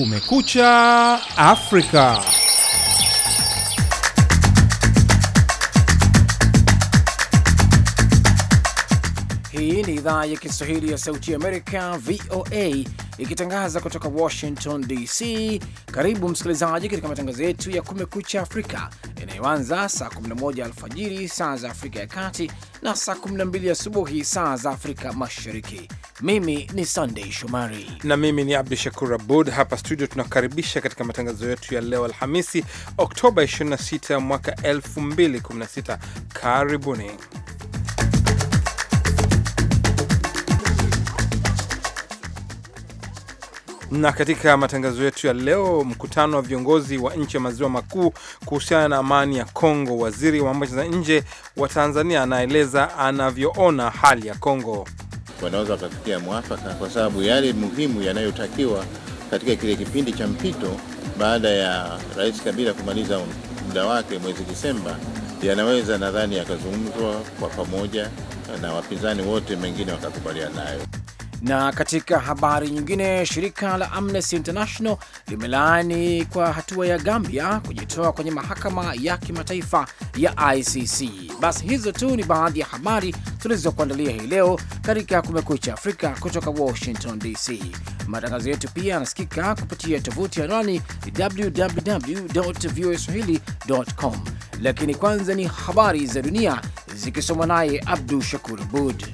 Kumekucha Afrika. Hii ni idhaa ya Kiswahili ya Sauti ya Amerika, VOA, ikitangaza kutoka Washington DC. Karibu msikilizaji katika matangazo yetu ya Kumekucha Afrika inayoanza saa 11 alfajiri saa za Afrika ya Kati na saa 12 asubuhi saa za Afrika Mashariki. Mimi ni Sandey Shomari na mimi ni Abdu Shakur Abud. Hapa studio tunakaribisha katika matangazo yetu ya leo Alhamisi, Oktoba 26 mwaka 2016. Karibuni. Na katika matangazo yetu ya leo, mkutano wa viongozi wa nchi ya maziwa makuu kuhusiana na amani ya Kongo. Waziri wa mambo za nje wa Tanzania anaeleza anavyoona hali ya Kongo. Wanaweza wakafikia mwafaka, kwa sababu yale muhimu yanayotakiwa katika kile kipindi cha mpito baada ya Rais Kabila kumaliza muda wake mwezi Disemba yanaweza nadhani yakazungumzwa kwa pamoja na wapinzani wote, mengine wakakubaliana nayo. Na katika habari nyingine, shirika la Amnesty International limelaani kwa hatua ya Gambia kujitoa kwenye mahakama ya kimataifa ya ICC. Basi hizo tu ni baadhi ya habari tulizokuandalia hii leo katika Kumekucha Afrika kutoka Washington DC. Matangazo yetu pia yanasikika kupitia tovuti ya anwani www.voaswahili.com, lakini kwanza ni habari za dunia zikisomwa naye Abdu Shakur Abud.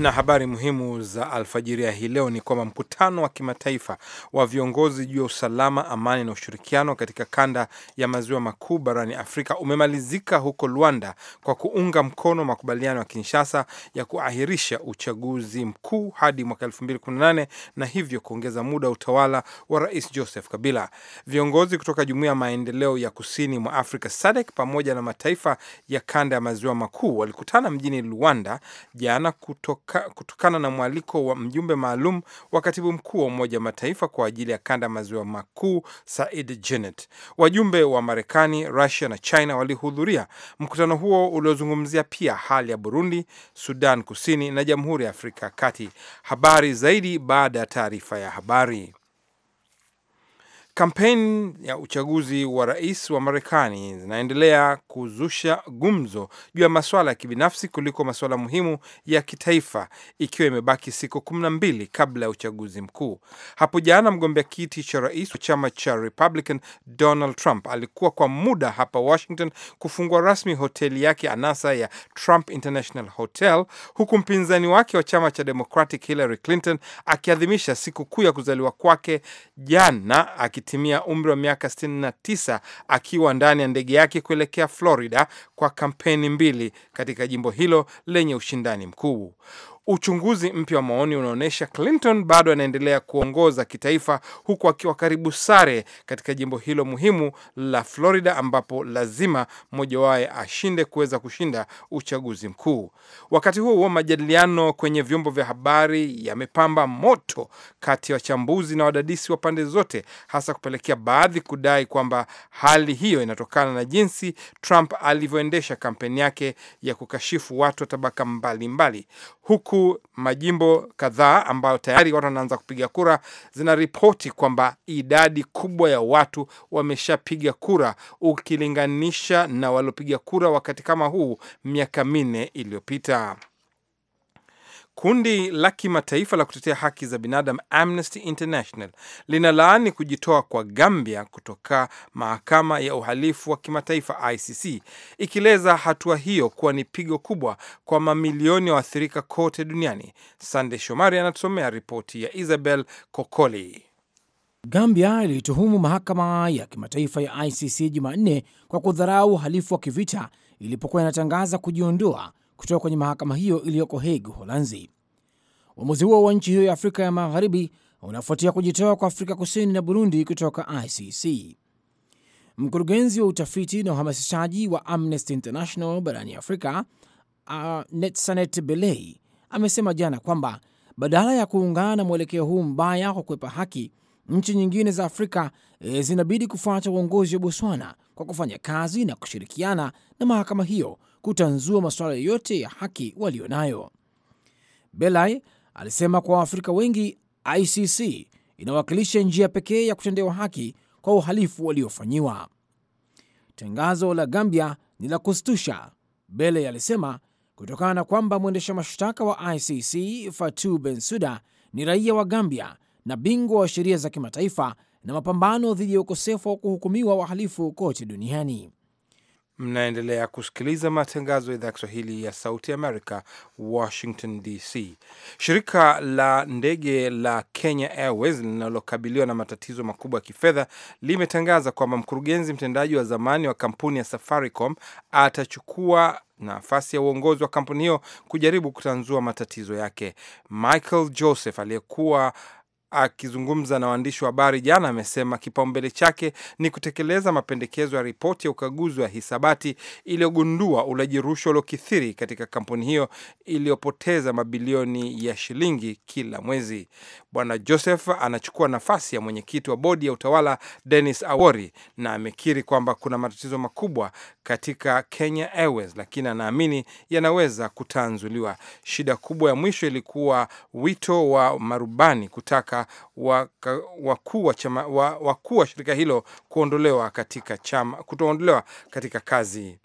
Na habari muhimu za alfajiri ya hii leo ni kwamba mkutano wa kimataifa wa viongozi juu ya usalama, amani na ushirikiano katika kanda ya maziwa makuu barani Afrika umemalizika huko Luanda kwa kuunga mkono makubaliano ya Kinshasa ya kuahirisha uchaguzi mkuu hadi mwaka 2018 na hivyo kuongeza muda wa utawala wa Rais Joseph Kabila. Viongozi kutoka Jumuiya ya Maendeleo ya Kusini mwa Afrika SADC pamoja na mataifa ya kanda ya maziwa makuu walikutana mjini Luanda jana kutoka kutokana na mwaliko wa mjumbe maalum wa katibu mkuu wa Umoja wa Mataifa kwa ajili ya kanda ya maziwa makuu Said jenet Wajumbe wa Marekani, Rusia na China walihudhuria mkutano huo uliozungumzia pia hali ya Burundi, Sudan Kusini na Jamhuri ya Afrika ya Kati. Habari zaidi baada ya taarifa ya habari. Kampeni ya uchaguzi wa rais wa Marekani zinaendelea kuzusha gumzo juu ya maswala ya kibinafsi kuliko masuala muhimu ya kitaifa, ikiwa imebaki siku kumi na mbili kabla ya uchaguzi mkuu. Hapo jana mgombea kiti cha rais wa chama cha Republican Donald Trump alikuwa kwa muda hapa Washington kufungua rasmi hoteli yake anasa ya Trump International Hotel, huku mpinzani wake wa chama cha Democratic Hillary Clinton akiadhimisha siku kuu ya kuzaliwa kwake jana aki akitimia umri wa miaka 69 akiwa ndani ya ndege yake kuelekea Florida kwa kampeni mbili katika jimbo hilo lenye ushindani mkuu. Uchunguzi mpya wa maoni unaonyesha Clinton bado anaendelea kuongoza kitaifa, huku akiwa karibu sare katika jimbo hilo muhimu la Florida, ambapo lazima mmoja waye ashinde kuweza kushinda uchaguzi mkuu. Wakati huo huo, majadiliano kwenye vyombo vya habari yamepamba moto kati ya wachambuzi na wadadisi wa pande zote, hasa kupelekea baadhi kudai kwamba hali hiyo inatokana na jinsi Trump alivyoendesha kampeni yake ya kukashifu watu wa tabaka mbalimbali huku huku majimbo kadhaa ambayo tayari watu wanaanza kupiga kura zinaripoti kwamba idadi kubwa ya watu wameshapiga kura ukilinganisha na waliopiga kura wakati kama huu miaka minne iliyopita. Kundi la kimataifa la kutetea haki za binadamu Amnesty International linalaani kujitoa kwa Gambia kutoka mahakama ya uhalifu wa kimataifa ICC, ikieleza hatua hiyo kuwa ni pigo kubwa kwa mamilioni ya waathirika kote duniani. Sande Shomari anatusomea ripoti ya Isabel Kokoli. Gambia ilituhumu mahakama ya kimataifa ya ICC Jumanne kwa kudharau uhalifu wa kivita ilipokuwa inatangaza kujiondoa kutoka kwenye mahakama hiyo iliyoko Hague, holanzi Uamuzi huo wa nchi hiyo ya Afrika ya Magharibi unafuatia kujitoa kwa Afrika Kusini na Burundi kutoka ICC. Mkurugenzi wa utafiti na uhamasishaji wa Amnesty International barani Afrika, uh, Netsanet Belei amesema jana kwamba badala ya kuungana na mwelekeo huu mbaya kwa kuwepa haki, nchi nyingine za Afrika e, zinabidi kufuata uongozi wa Botswana kwa kufanya kazi na kushirikiana na mahakama hiyo kutanzua masuala yoyote ya haki walionayo. Belay alisema kwa Waafrika wengi ICC inawakilisha njia pekee ya kutendewa haki kwa uhalifu waliofanyiwa. Tangazo la Gambia ni la kustusha, Belay alisema, kutokana na kwamba mwendesha mashtaka wa ICC Fatou Bensouda ni raia wa Gambia na bingwa wa sheria za kimataifa na mapambano dhidi ya ukosefu wa kuhukumiwa wahalifu kote duniani. Mnaendelea kusikiliza matangazo ya idhaa ya Kiswahili ya Sauti Amerika, Washington DC. Shirika la ndege la Kenya Airways linalokabiliwa na matatizo makubwa ya kifedha limetangaza kwamba mkurugenzi mtendaji wa zamani wa kampuni ya Safaricom atachukua nafasi ya uongozi wa kampuni hiyo kujaribu kutanzua matatizo yake. Michael Joseph aliyekuwa akizungumza na waandishi wa habari jana amesema kipaumbele chake ni kutekeleza mapendekezo ya ripoti ya ukaguzi wa hisabati iliyogundua ulaji rushwa uliokithiri katika kampuni hiyo iliyopoteza mabilioni ya shilingi kila mwezi. Bwana Joseph anachukua nafasi ya mwenyekiti wa bodi ya utawala Dennis Awori, na amekiri kwamba kuna matatizo makubwa katika Kenya Airways, lakini anaamini yanaweza kutanzuliwa. Shida kubwa ya mwisho ilikuwa wito wa marubani kutaka kutaka wakuu wa, wa, wa shirika hilo kuondolewa katika chama, kutoondolewa katika kazi.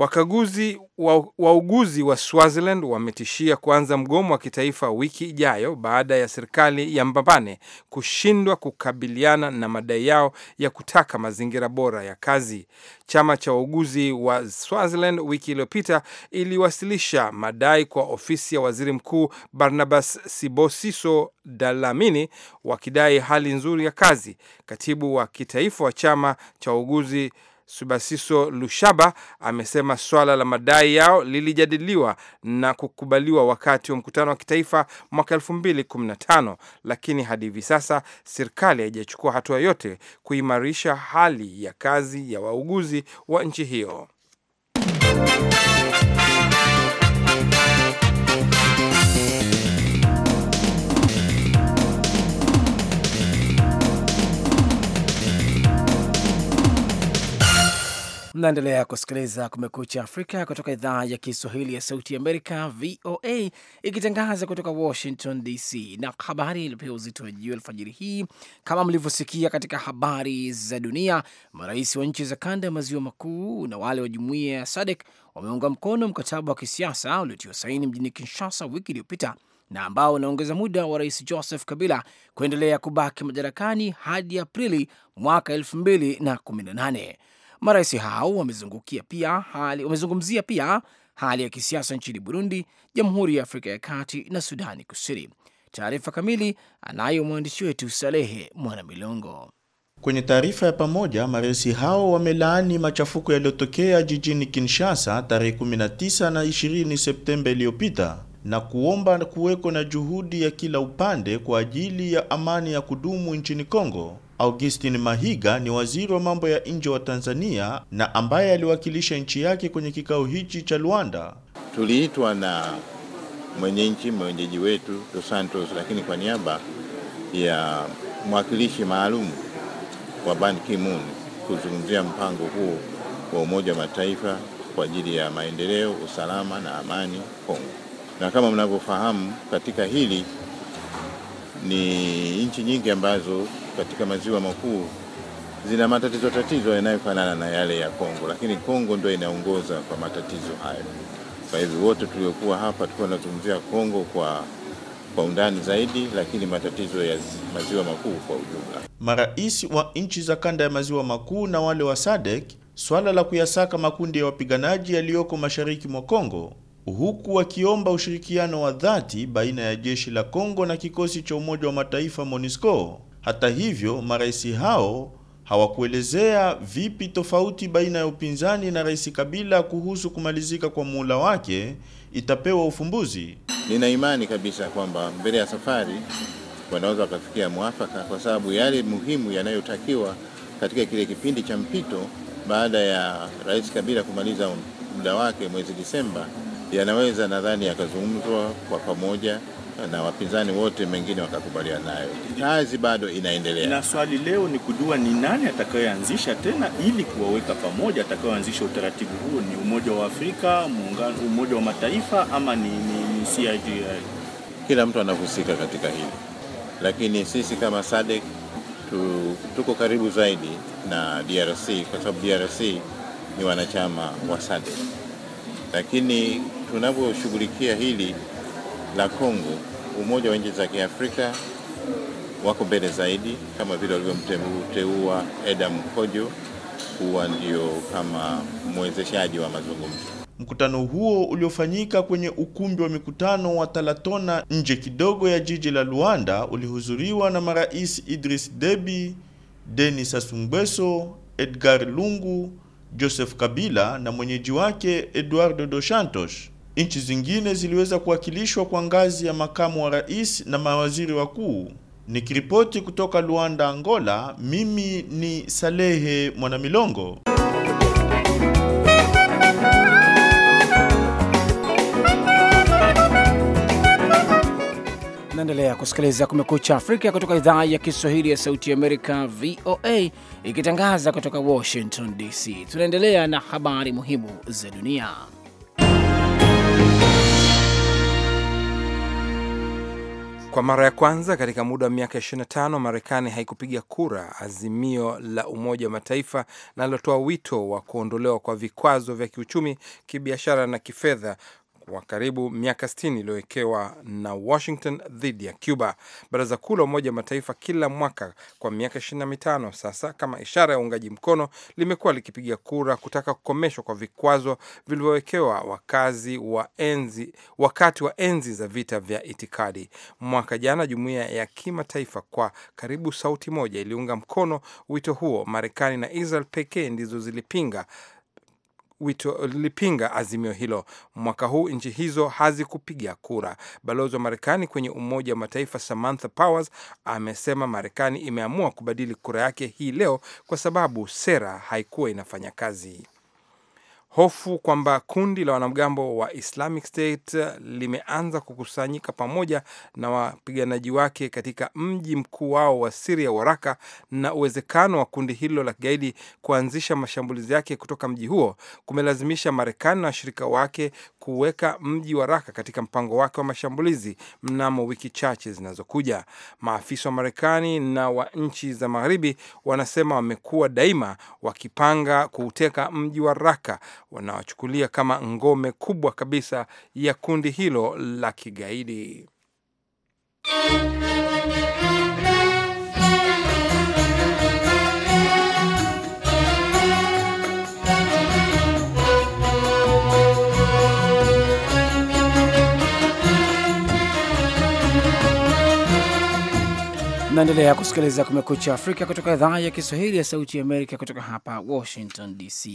Wakaguzi, wa, wauguzi wa Swaziland wametishia kuanza mgomo wa kitaifa wiki ijayo baada ya serikali ya Mbabane kushindwa kukabiliana na madai yao ya kutaka mazingira bora ya kazi. Chama cha wauguzi wa Swaziland wiki iliyopita iliwasilisha madai kwa ofisi ya Waziri Mkuu Barnabas Sibosiso dalamini wakidai hali nzuri ya kazi. Katibu wa kitaifa wa chama cha wauguzi Subasiso Lushaba amesema swala la madai yao lilijadiliwa na kukubaliwa wakati wa mkutano wa kitaifa mwaka 2015, lakini hadi hivi sasa serikali haijachukua hatua yote kuimarisha hali ya kazi ya wauguzi wa nchi hiyo. Mnaendelea kusikiliza Kumekucha Afrika kutoka idhaa ya Kiswahili ya Sauti Amerika, VOA, ikitangaza kutoka Washington DC. Na habari iliyopewa uzito wa juu alfajiri hii, kama mlivyosikia katika habari za dunia, marais wa nchi za kanda ya maziwa makuu na wale wa jumuiya ya SADC wameunga mkono mkataba wa kisiasa uliotiwa saini mjini Kinshasa wiki iliyopita na ambao unaongeza muda wa rais Joseph Kabila kuendelea kubaki madarakani hadi Aprili mwaka 2018. Marais hao wamezungumzia pia hali, wamezungumzia pia hali ya kisiasa nchini Burundi, Jamhuri ya Afrika ya Kati na Sudani Kusini. Taarifa kamili anayo mwandishi wetu Salehe Mwanamilongo. Kwenye taarifa ya pamoja marais hao wamelaani machafuko yaliyotokea jijini Kinshasa tarehe 19 na 20 Septemba iliyopita na kuomba kuweko na juhudi ya kila upande kwa ajili ya amani ya kudumu nchini Kongo Augustine Mahiga ni waziri wa mambo ya nje wa Tanzania na ambaye aliwakilisha nchi yake kwenye kikao hichi cha Luanda. Tuliitwa na mwenye nchi mwenyeji wetu Dos Santos, lakini kwa niaba ya mwakilishi maalum wa Ban Ki-moon kuzungumzia mpango huu wa Umoja wa Mataifa kwa ajili ya maendeleo, usalama na amani Kongo. Na kama mnavyofahamu katika hili ni nchi nyingi ambazo katika maziwa makuu zina matatizo tatizo yanayofanana na yale ya Kongo, lakini Kongo ndio inaongoza kwa matatizo hayo. Kwa hivyo wote tuliokuwa hapa tulikuwa tunazungumzia Kongo kwa kwa undani zaidi, lakini matatizo ya maziwa makuu kwa ujumla. Marais wa nchi za kanda ya maziwa makuu na wale wa SADC, swala la kuyasaka makundi ya wapiganaji yaliyoko mashariki mwa Kongo huku wakiomba ushirikiano wa dhati baina ya jeshi la Kongo na kikosi cha Umoja wa Mataifa MONUSCO. Hata hivyo, marais hao hawakuelezea vipi tofauti baina ya upinzani na Rais Kabila kuhusu kumalizika kwa muhula wake itapewa ufumbuzi. Nina imani kabisa kwamba mbele ya safari wanaweza wakafikia mwafaka, kwa sababu yale muhimu yanayotakiwa katika kile kipindi cha mpito baada ya Rais Kabila kumaliza muda wake mwezi Disemba yanaweza nadhani yakazungumzwa kwa pamoja na wapinzani wote, mengine wakakubaliana nayo. Kazi bado inaendelea, na swali leo ni kujua ni nani atakayeanzisha tena ili kuwaweka pamoja. Atakayeanzisha utaratibu huo ni Umoja wa Afrika, muungano, Umoja wa Mataifa ama ni, ni, ni CIG? Kila mtu anahusika katika hili, lakini sisi kama SADC tu, tuko karibu zaidi na DRC kwa sababu DRC ni wanachama wa SADC lakini tunavyoshughulikia hili la Kongo, Umoja wa Nchi za Kiafrika wako mbele zaidi, kama vile walivyomteua Edam Kojo kuwa ndio kama mwezeshaji wa mazungumzo. Mkutano huo uliofanyika kwenye ukumbi wa mikutano wa Talatona nje kidogo ya jiji la Luanda ulihudhuriwa na marais Idris Deby, Denis Sassou Nguesso, Edgar Lungu, Joseph Kabila na mwenyeji wake Eduardo Dos Santos. Nchi zingine ziliweza kuwakilishwa kwa ngazi ya makamu wa rais na mawaziri wakuu. Nikiripoti kutoka Luanda, Angola, mimi ni Salehe Mwanamilongo. Naendelea kusikiliza Kumekucha Afrika kutoka idhaa ya Kiswahili ya Sauti ya Amerika, VOA, ikitangaza kutoka Washington DC. Tunaendelea na habari muhimu za dunia. Kwa mara ya kwanza katika muda wa miaka 25 Marekani haikupiga kura azimio la Umoja wa Mataifa linalotoa wito wa kuondolewa kwa vikwazo vya kiuchumi, kibiashara na kifedha wa karibu miaka 60 iliyowekewa na Washington dhidi ya Cuba, baraza kuu la Umoja wa Mataifa kila mwaka kwa miaka 25 sasa, kama ishara ya uungaji mkono, limekuwa likipiga kura kutaka kukomeshwa kwa vikwazo vilivyowekewa wakazi wa enzi, wakati wa enzi za vita vya itikadi. Mwaka jana jumuiya ya kimataifa kwa karibu sauti moja iliunga mkono wito huo. Marekani na Israel pekee ndizo zilipinga wito, lilipinga azimio hilo. Mwaka huu nchi hizo hazikupiga kura. Balozi wa Marekani kwenye Umoja wa Mataifa Samantha Powers amesema Marekani imeamua kubadili kura yake hii leo kwa sababu sera haikuwa inafanya kazi hofu kwamba kundi la wanamgambo wa Islamic State limeanza kukusanyika pamoja na wapiganaji wake katika mji mkuu wao wa Siria, wa raka na uwezekano wa kundi hilo la kigaidi kuanzisha mashambulizi yake kutoka mji huo kumelazimisha Marekani na washirika wake kuweka mji wa Raka katika mpango wake wa mashambulizi mnamo wiki chache zinazokuja. Maafisa wa Marekani na wa nchi za Magharibi wanasema wamekuwa daima wakipanga kuuteka mji wa Raka wanaochukulia kama ngome kubwa kabisa ya kundi hilo la kigaidi. Naendelea kusikiliza Kumekucha Afrika kutoka idhaa ya Kiswahili ya Sauti ya Amerika kutoka hapa Washington DC.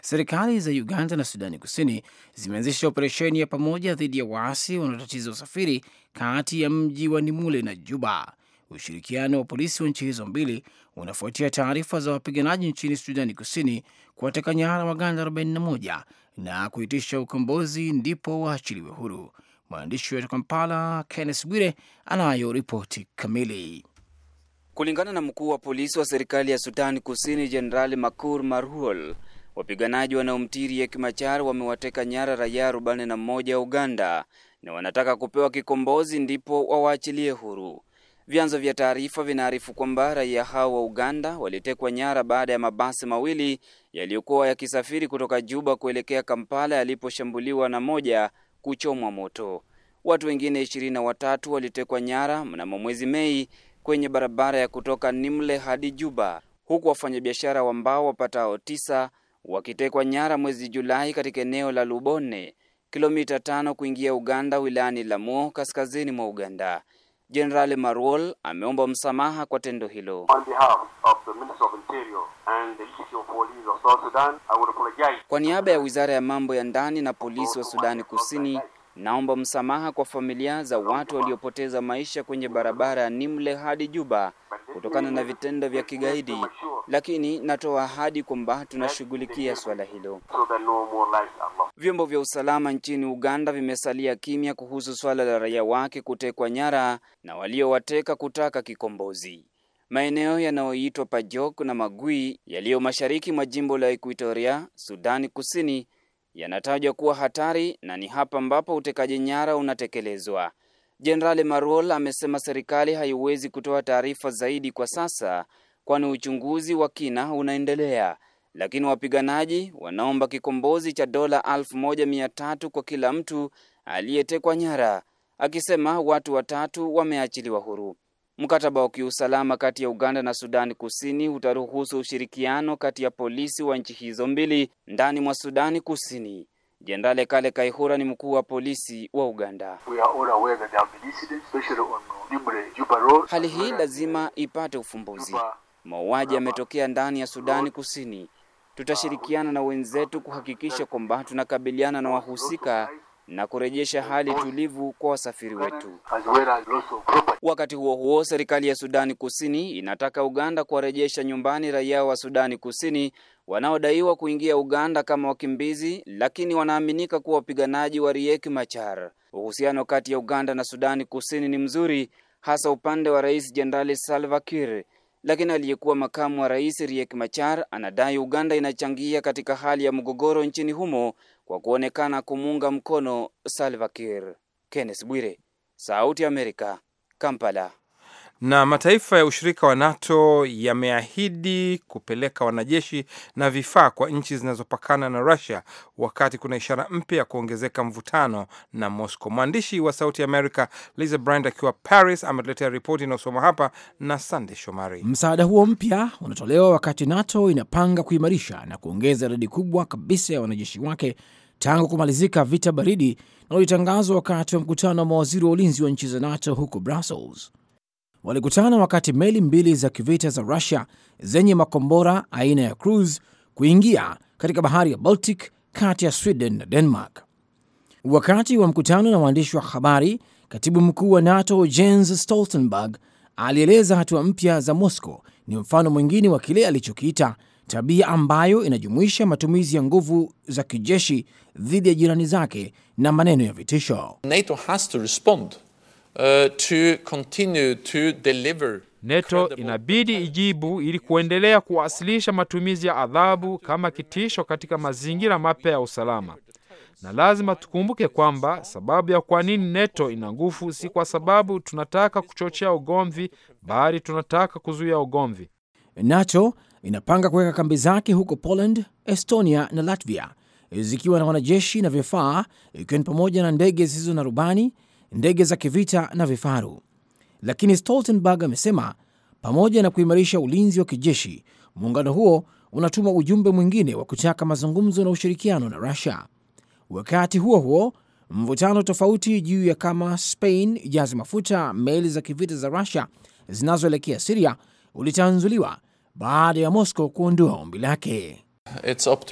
Serikali za Uganda na Sudani Kusini zimeanzisha operesheni ya pamoja dhidi ya waasi wanaotatiza usafiri kati ya mji wa Nimule na Juba. Ushirikiano wa polisi wa nchi hizo mbili unafuatia taarifa za wapiganaji nchini Sudani Kusini kuwateka nyara Waganda 41 na kuitisha ukombozi ndipo waachiliwe huru. Mwandishi wetu Kampala, Kenneth Bwire, anayo ripoti kamili. Kulingana na mkuu wa polisi wa serikali ya Sudani Kusini, Jenerali Makur Marhul, wapiganaji wanaomtiri Riek Machar wamewateka nyara raia 41 wa Uganda na wanataka kupewa kikombozi ndipo wawaachilie huru. Vyanzo vya taarifa vinaarifu kwamba raia hao wa Uganda walitekwa nyara baada ya mabasi mawili yaliyokuwa yakisafiri kutoka Juba kuelekea Kampala yaliposhambuliwa na moja kuchomwa moto. Watu wengine ishirini na watatu walitekwa nyara mnamo mwezi Mei kwenye barabara ya kutoka Nimle hadi Juba, huku wafanyabiashara wa mbao wapatao tisa wakitekwa nyara mwezi Julai katika eneo la Lubone, kilomita tano kuingia Uganda, wilayani Lamu, kaskazini mwa Uganda. Jenerali Marwol ameomba msamaha kwa tendo hilo. Kwa niaba ya wizara ya mambo ya ndani na polisi wa Sudani Kusini, Naomba msamaha kwa familia za watu waliopoteza maisha kwenye barabara ya Nimle hadi Juba kutokana na vitendo vya kigaidi, lakini natoa ahadi kwamba tunashughulikia swala hilo. Vyombo vya usalama nchini Uganda vimesalia kimya kuhusu swala la raia wake kutekwa nyara na waliowateka kutaka kikombozi. Maeneo yanayoitwa Pajok na Magui yaliyo mashariki mwa jimbo la Equatoria, Sudani Kusini yanatajwa kuwa hatari na ni hapa ambapo utekaji nyara unatekelezwa. Jenerali Marol amesema serikali haiwezi kutoa taarifa zaidi kwa sasa, kwani uchunguzi wa kina unaendelea, lakini wapiganaji wanaomba kikombozi cha dola 13 kwa kila mtu aliyetekwa nyara, akisema watu watatu wameachiliwa huru. Mkataba wa kiusalama kati ya Uganda na Sudani Kusini utaruhusu ushirikiano kati ya polisi wa nchi hizo mbili ndani mwa Sudani Kusini. Jenerali Kale Kaihura ni mkuu wa polisi wa Uganda. Hali hii lazima ipate ufumbuzi. Mauaji yametokea ndani ya Sudani Kusini. Tutashirikiana na wenzetu kuhakikisha kwamba tunakabiliana na wahusika na kurejesha hali tulivu kwa wasafiri wetu. Wakati huo huo, serikali ya Sudani Kusini inataka Uganda kuwarejesha nyumbani raia wa Sudani Kusini wanaodaiwa kuingia Uganda kama wakimbizi, lakini wanaaminika kuwa wapiganaji wa Riek Machar. Uhusiano kati ya Uganda na Sudani Kusini ni mzuri, hasa upande wa Rais Jenerali Salva Kiir, lakini aliyekuwa makamu wa rais Riek Machar anadai Uganda inachangia katika hali ya mgogoro nchini humo kwa kuonekana kumuunga mkono Salva Kiir. Kenneth Bwire, Sauti ya Amerika, Kampala. Na mataifa ya ushirika wa NATO yameahidi kupeleka wanajeshi na vifaa kwa nchi zinazopakana na Russia wakati kuna ishara mpya ya kuongezeka mvutano na Moscow. Mwandishi wa Sauti ya Amerika Lisa Brand akiwa Paris ametuletea ripoti inayosoma hapa na Sande Shomari. Msaada huo mpya unatolewa wakati NATO inapanga kuimarisha na kuongeza idadi kubwa kabisa ya wanajeshi wake tangu kumalizika vita baridi na ulitangazwa wakati wa mkutano wa mawaziri wa ulinzi wa nchi za NATO huko Brussels. Walikutana wakati meli mbili za kivita za Rusia zenye makombora aina ya cruise kuingia katika bahari ya Baltic kati ya Sweden na Denmark. Wakati wa mkutano na waandishi wa habari, katibu mkuu wa NATO Jens Stoltenberg alieleza hatua mpya za Moscow ni mfano mwingine wa kile alichokiita tabia ambayo inajumuisha matumizi ya nguvu za kijeshi dhidi ya jirani zake na maneno ya vitisho. NATO has to respond, uh, to continue to deliver NATO inabidi ijibu ili kuendelea kuwasilisha matumizi ya adhabu kama kitisho katika mazingira mapya ya usalama. Na lazima tukumbuke kwamba sababu ya kwa nini NATO ina nguvu si kwa sababu tunataka kuchochea ugomvi, bali tunataka kuzuia ugomvi. NATO inapanga kuweka kambi zake huko Poland, Estonia na Latvia, zikiwa na wanajeshi na vifaa, ikiwa ni pamoja na ndege zisizo na rubani, ndege za kivita na vifaru. Lakini Stoltenberg amesema pamoja na kuimarisha ulinzi wa kijeshi, muungano huo unatuma ujumbe mwingine wa kutaka mazungumzo na ushirikiano na Rusia. Wakati huo huo, mvutano tofauti juu ya kama Spain ijaze mafuta meli za kivita za Rusia zinazoelekea Siria ulitanzuliwa baada ya Moscow kuondoa ombi lake. Uh,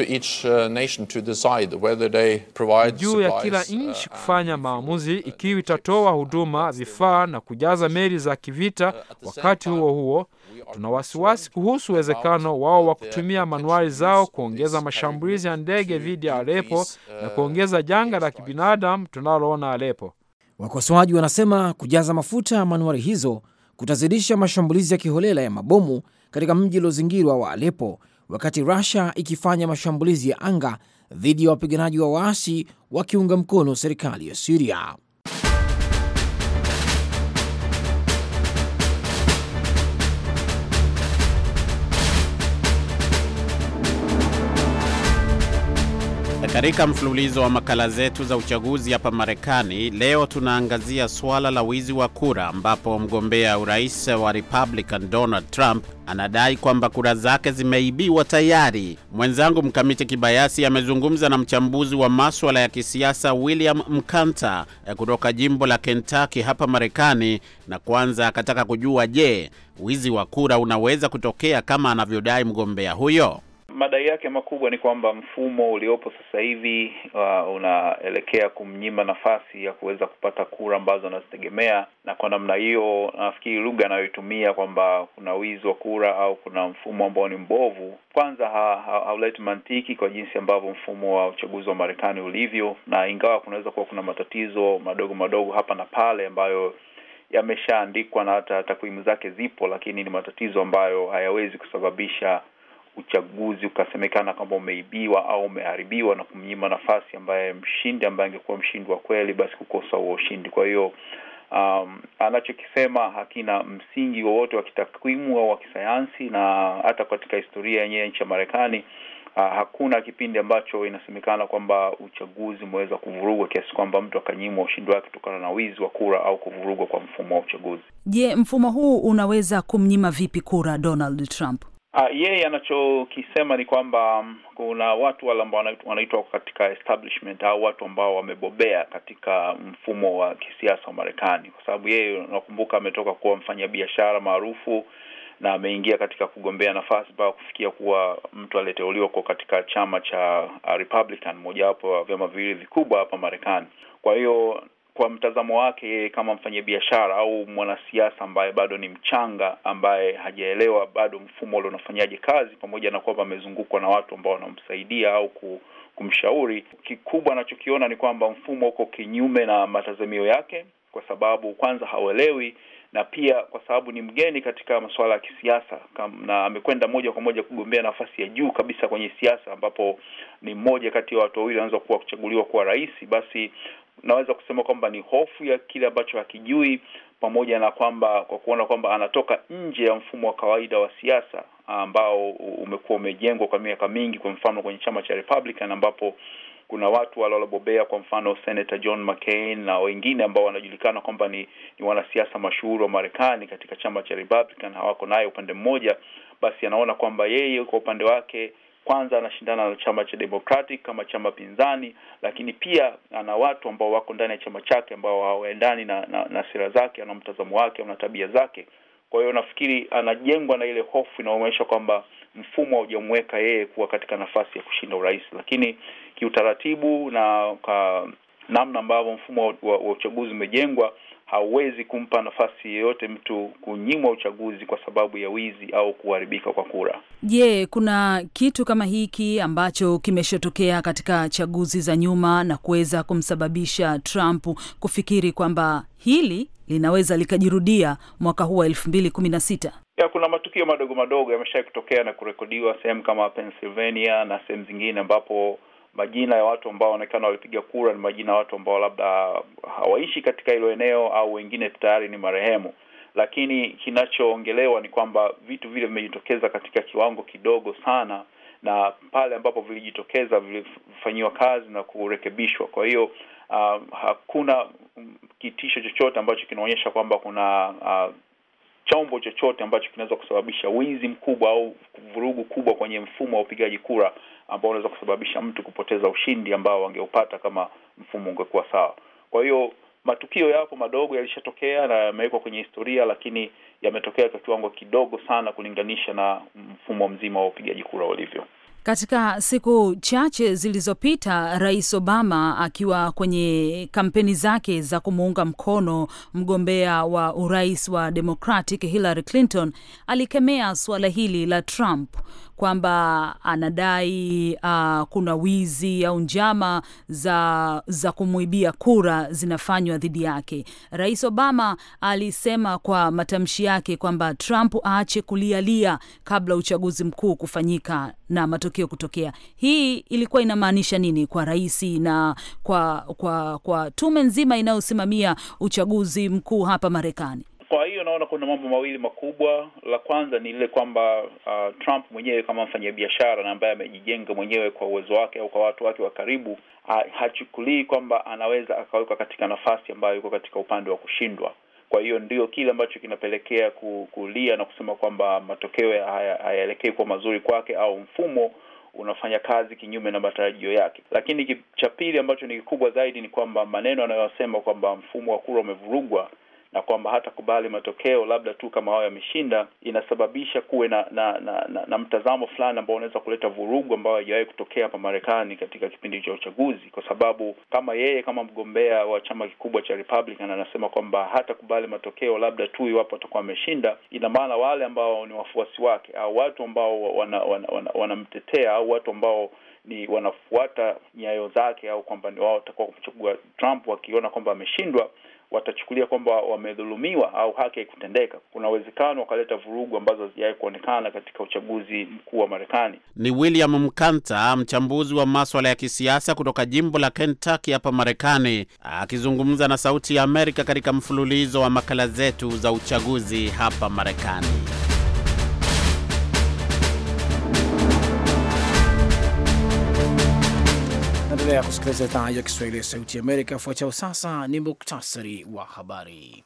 Juu ya kila uh, nchi kufanya maamuzi ikiwa itatoa huduma, vifaa na kujaza meli za kivita. Uh, wakati huo huo, tuna wasiwasi kuhusu uwezekano wao wa kutumia manuari zao kuongeza mashambulizi ya ndege dhidi ya Alepo na kuongeza janga la kibinadamu tunaloona alepo Wakosoaji wanasema kujaza mafuta ya manuari hizo kutazidisha mashambulizi ya kiholela ya mabomu katika mji uliozingirwa wa Alepo wakati Rusia ikifanya mashambulizi ya anga dhidi ya wapiganaji wa waasi wakiunga mkono serikali ya Siria. Katika mfululizo wa makala zetu za uchaguzi hapa Marekani, leo tunaangazia suala la wizi wa kura, ambapo mgombea urais wa Republican Donald Trump anadai kwamba kura zake zimeibiwa tayari. Mwenzangu Mkamiti Kibayasi amezungumza na mchambuzi wa maswala ya kisiasa William Mkanta eh, kutoka jimbo la Kentucky hapa Marekani, na kwanza akataka kujua, je, wizi wa kura unaweza kutokea kama anavyodai mgombea huyo? Madai yake makubwa ni kwamba mfumo uliopo sasa hivi uh, unaelekea kumnyima nafasi ya kuweza kupata kura ambazo anazitegemea, na kwa namna hiyo nafikiri lugha anayoitumia kwamba kuna wizi wa kura au kuna mfumo ambao ni mbovu, kwanza hauleti ha, ha mantiki kwa jinsi ambavyo mfumo wa uchaguzi wa Marekani ulivyo, na ingawa kunaweza kuwa kuna matatizo madogo madogo hapa na pale ambayo yameshaandikwa na hata takwimu zake zipo, lakini ni matatizo ambayo hayawezi kusababisha uchaguzi ukasemekana kwamba umeibiwa au umeharibiwa na kumnyima nafasi ambaye mshindi ambaye angekuwa mshindi wa kweli, basi kukosa huo ushindi. Kwa hiyo um, anachokisema hakina msingi wowote wa kitakwimu au wa kisayansi, na hata katika historia yenyewe nchi ya Marekani uh, hakuna kipindi ambacho inasemekana kwamba uchaguzi umeweza kuvurugwa kiasi kwamba mtu akanyimwa ushindi wake kutokana na wizi wa kura au kuvurugwa kwa mfumo wa uchaguzi. Je, mfumo huu unaweza kumnyima vipi kura Donald Trump? Uh, yeye anachokisema ni kwamba mm, kuna watu wale ambao wanaitwa katika establishment au watu ambao wamebobea katika mfumo wa kisiasa wa Marekani, kwa sababu yeye unakumbuka ametoka kuwa mfanyabiashara maarufu na ameingia katika kugombea nafasi mpaka kufikia kuwa mtu aliyeteuliwa kwa katika chama cha ah, Republican, mojawapo wa vyama viwili vikubwa hapa Marekani. Kwa hiyo kwa mtazamo wake kama mfanyabiashara au mwanasiasa ambaye bado ni mchanga, ambaye hajaelewa bado mfumo ule unafanyaje kazi, pamoja na kwamba amezungukwa na watu ambao wanamsaidia au kumshauri. Kikubwa anachokiona ni kwamba mfumo uko kinyume na matazamio yake, kwa sababu kwanza hauelewi na pia kwa sababu ni mgeni katika masuala ya kisiasa na amekwenda moja kwa moja kugombea nafasi ya juu kabisa kwenye siasa, ambapo ni mmoja kati ya watu wawili anaweza kuwa kuchaguliwa kuwa rahisi Basi naweza kusema kwamba ni hofu ya kile ambacho hakijui, pamoja na kwamba kwa kuona kwamba anatoka nje ya mfumo wa kawaida wa siasa ambao umekuwa umejengwa kwa miaka mingi, kwa mfano kwenye chama cha Republican ambapo kuna watu walolobobea, kwa mfano Senator John McCain na wengine ambao wanajulikana kwamba ni, ni wanasiasa mashuhuri wa Marekani katika chama cha Republican, hawako naye upande mmoja, basi anaona kwamba yeye kwa upande wake kwanza anashindana na chama cha Democratic kama chama pinzani, lakini pia ana watu ambao wako ndani ya chama chake ambao hawaendani na, na, na sera zake, ana mtazamo wake, ana tabia zake. Kwa hiyo nafikiri anajengwa na ile hofu inaonyesha kwamba mfumo haujamweka yeye kuwa katika nafasi ya kushinda urais, lakini kiutaratibu na namna ambavyo mfumo wa, wa uchaguzi umejengwa hauwezi kumpa nafasi yeyote mtu kunyimwa uchaguzi kwa sababu ya wizi au kuharibika kwa kura. Je, kuna kitu kama hiki ambacho kimeshatokea katika chaguzi za nyuma na kuweza kumsababisha Trump kufikiri kwamba hili linaweza likajirudia mwaka huu wa elfu mbili kumi na sita? Ya, kuna matukio madogo madogo yameshawahi kutokea na kurekodiwa sehemu kama Pennsylvania na sehemu zingine ambapo majina ya watu ambao wanaonekana walipiga kura ni majina ya watu ambao labda hawaishi katika hilo eneo au wengine tayari ni marehemu. Lakini kinachoongelewa ni kwamba vitu vile vimejitokeza katika kiwango kidogo sana, na pale ambapo vilijitokeza vilifanyiwa kazi na kurekebishwa. Kwa hiyo uh, hakuna kitisho chochote ambacho kinaonyesha kwamba kuna uh, chombo chochote ambacho kinaweza kusababisha wizi mkubwa au vurugu kubwa kwenye mfumo wa upigaji kura ambao unaweza kusababisha mtu kupoteza ushindi ambao angeupata kama mfumo ungekuwa sawa. Kwa hiyo matukio yapo madogo, yalishatokea na yamewekwa kwenye historia, lakini yametokea kwa kiwango kidogo sana kulinganisha na mfumo mzima wa upigaji kura ulivyo. Katika siku chache zilizopita, Rais Obama akiwa kwenye kampeni zake za kumuunga mkono mgombea wa urais wa Democratic Hillary Clinton alikemea suala hili la Trump kwamba anadai uh, kuna wizi au njama za, za kumwibia kura zinafanywa dhidi yake. Rais Obama alisema kwa matamshi yake kwamba Trump aache kulialia kabla uchaguzi mkuu kufanyika na matokeo kutokea. Hii ilikuwa inamaanisha nini kwa rais na kwa, kwa, kwa tume nzima inayosimamia uchaguzi mkuu hapa Marekani? Kwa hiyo naona kuna mambo mawili makubwa. La kwanza ni lile kwamba uh, Trump mwenyewe kama mfanyabiashara na ambaye amejijenga mwenyewe kwa uwezo wake au kwa watu wake wa karibu uh, hachukulii kwamba anaweza akawekwa katika nafasi ambayo yuko katika upande wa kushindwa. Kwa hiyo ndio kile ambacho kinapelekea kulia na kusema kwamba matokeo hayaelekei haya kwa mazuri kwake au mfumo unafanya kazi kinyume na matarajio yake. Lakini cha pili ambacho ni kikubwa zaidi ni kwamba maneno anayosema kwamba mfumo wa kura umevurugwa na kwamba hatakubali matokeo labda tu kama wao yameshinda, inasababisha kuwe na na, na, na, na mtazamo fulani ambao unaweza kuleta vurugu ambayo haijawahi kutokea hapa Marekani katika kipindi cha uchaguzi, kwa sababu kama yeye kama mgombea wa chama kikubwa cha Republican anasema kwamba hatakubali matokeo labda tu iwapo atakuwa ameshinda, ina maana wale ambao ni wafuasi wake au watu ambao wanamtetea wana, wana, wana au watu ambao ni wanafuata nyayo zake au kwamba ni wao watakuwa kumchagua Trump wakiona kwamba ameshindwa watachukulia kwamba wamedhulumiwa au haki haikutendeka, kuna uwezekano wakaleta vurugu ambazo hazijawahi kuonekana katika uchaguzi mkuu wa Marekani. Ni William Mkanta, mchambuzi wa maswala ya kisiasa kutoka jimbo la Kentucky hapa Marekani, akizungumza na Sauti ya Amerika katika mfululizo wa makala zetu za uchaguzi hapa Marekani. Unaendelea kusikiliza idhaa ya Kiswahili ya Sauti ya Amerika. Ufuatao sasa ni muktasari wa habari.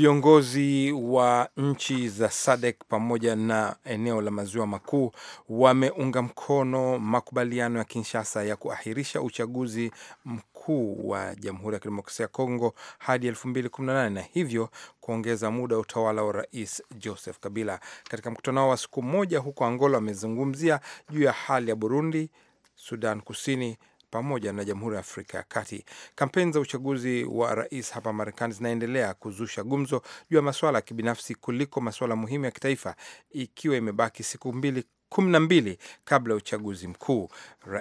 Viongozi wa nchi za SADC pamoja na eneo la maziwa makuu wameunga mkono makubaliano ya Kinshasa ya kuahirisha uchaguzi mkuu wa Jamhuri ya Kidemokrasia ya Kongo hadi 2018 na hivyo kuongeza muda wa utawala wa Rais Joseph Kabila. Katika mkutano wa siku moja huko Angola, wamezungumzia juu ya hali ya Burundi, Sudan Kusini pamoja na Jamhuri ya Afrika ya Kati. Kampeni za uchaguzi wa rais hapa Marekani zinaendelea kuzusha gumzo juu ya masuala ya kibinafsi kuliko masuala muhimu ya kitaifa, ikiwa imebaki siku mbili kumi na mbili kabla ya uchaguzi mkuu. Uh,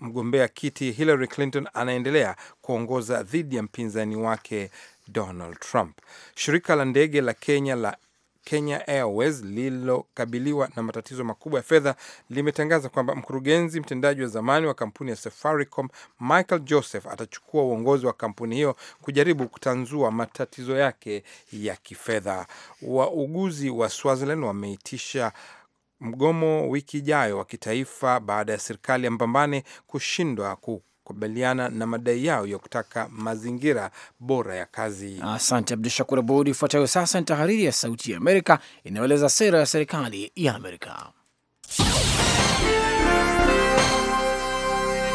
mgombea kiti Hillary Clinton anaendelea kuongoza dhidi ya mpinzani wake Donald Trump. Shirika la ndege la Kenya la Kenya Airways lililokabiliwa na matatizo makubwa ya fedha limetangaza kwamba mkurugenzi mtendaji wa zamani wa kampuni ya Safaricom Michael Joseph atachukua uongozi wa kampuni hiyo kujaribu kutanzua matatizo yake ya kifedha. Wauguzi wa Swaziland wameitisha mgomo wiki ijayo wa kitaifa baada ya serikali ya mpambane kushindwa ku kukabiliana na madai yao ya kutaka mazingira bora ya kazi. Asante Abdu Shakur Abud. Ifuatayo sasa ni tahariri ya Sauti ya Amerika inayoeleza sera ya serikali ya Amerika.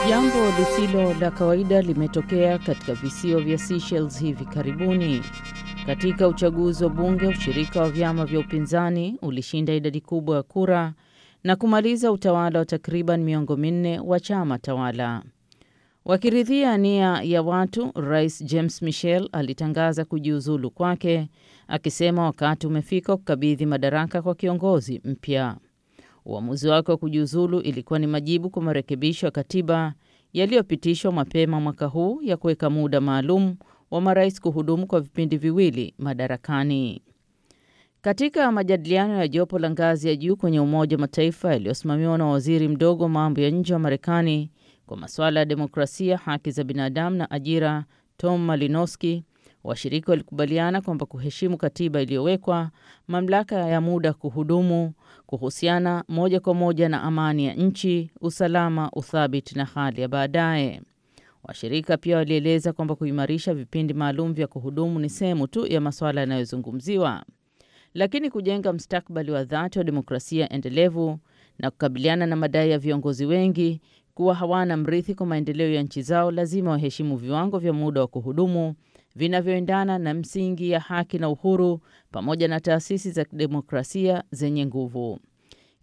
Jambo lisilo la kawaida limetokea katika visio vya Seychelles hivi karibuni. Katika uchaguzi wa bunge, ushirika wa vyama vya upinzani ulishinda idadi kubwa ya kura na kumaliza utawala wa takriban miongo minne wa chama tawala. Wakiridhia nia ya watu, Rais James Michel alitangaza kujiuzulu kwake akisema wakati umefika kukabidhi madaraka kwa kiongozi mpya. Uamuzi wake wa kujiuzulu ilikuwa ni majibu kwa marekebisho ya katiba yaliyopitishwa mapema mwaka huu ya kuweka muda maalum wa marais kuhudumu kwa vipindi viwili madarakani. Katika majadiliano ya jopo la ngazi ya juu kwenye Umoja wa Mataifa yaliyosimamiwa na waziri mdogo mambo ya nje wa Marekani kwa masuala ya demokrasia, haki za binadamu na ajira, Tom Malinowski, washiriki walikubaliana kwamba kuheshimu katiba iliyowekwa, mamlaka ya muda kuhudumu, kuhusiana moja kwa moja na amani ya nchi, usalama, uthabiti na hali ya baadaye. Washirika pia walieleza kwamba kuimarisha vipindi maalum vya kuhudumu ni sehemu tu ya masuala yanayozungumziwa, lakini kujenga mstakabali wa dhati wa demokrasia endelevu na kukabiliana na madai ya viongozi wengi kuwa hawana mrithi kwa maendeleo ya nchi zao lazima waheshimu viwango vya muda wa kuhudumu vinavyoendana na msingi ya haki na uhuru pamoja na taasisi za kidemokrasia zenye nguvu.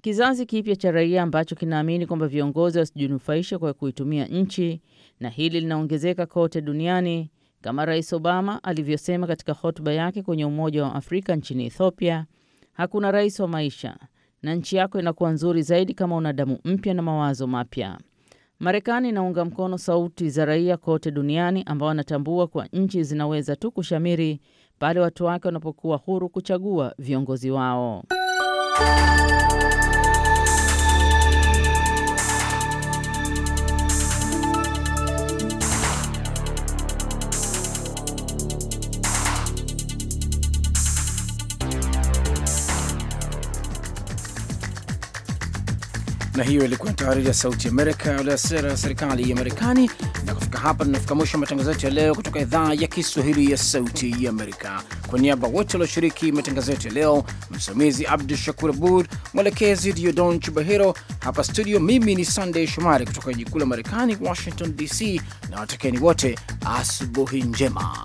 Kizazi kipya cha raia ambacho kinaamini kwamba viongozi wasijinufaishe kwa kuitumia nchi, na hili linaongezeka kote duniani kama Rais Obama alivyosema katika hotuba yake kwenye Umoja wa Afrika nchini Ethiopia, hakuna rais wa maisha, na nchi yako inakuwa nzuri zaidi kama una damu mpya na mawazo mapya. Marekani inaunga mkono sauti za raia kote duniani ambao wanatambua kuwa nchi zinaweza tu kushamiri pale watu wake wanapokuwa huru kuchagua viongozi wao. na hiyo ilikuwa tahariri ya Sauti Amerika la sera ya serikali ya Marekani. Na kufika hapa, tunafika mwisho wa matangazo yetu ya leo kutoka idhaa ya Kiswahili ya Sauti ya Amerika. Kwa niaba wote walioshiriki matangazo yetu ya leo, msimamizi Abdu Shakur Abud, mwelekezi Diodon Chubahiro hapa studio, mimi ni Sandey Shomari kutoka jiji kuu la Marekani, Washington DC, na watakeni wote asubuhi njema.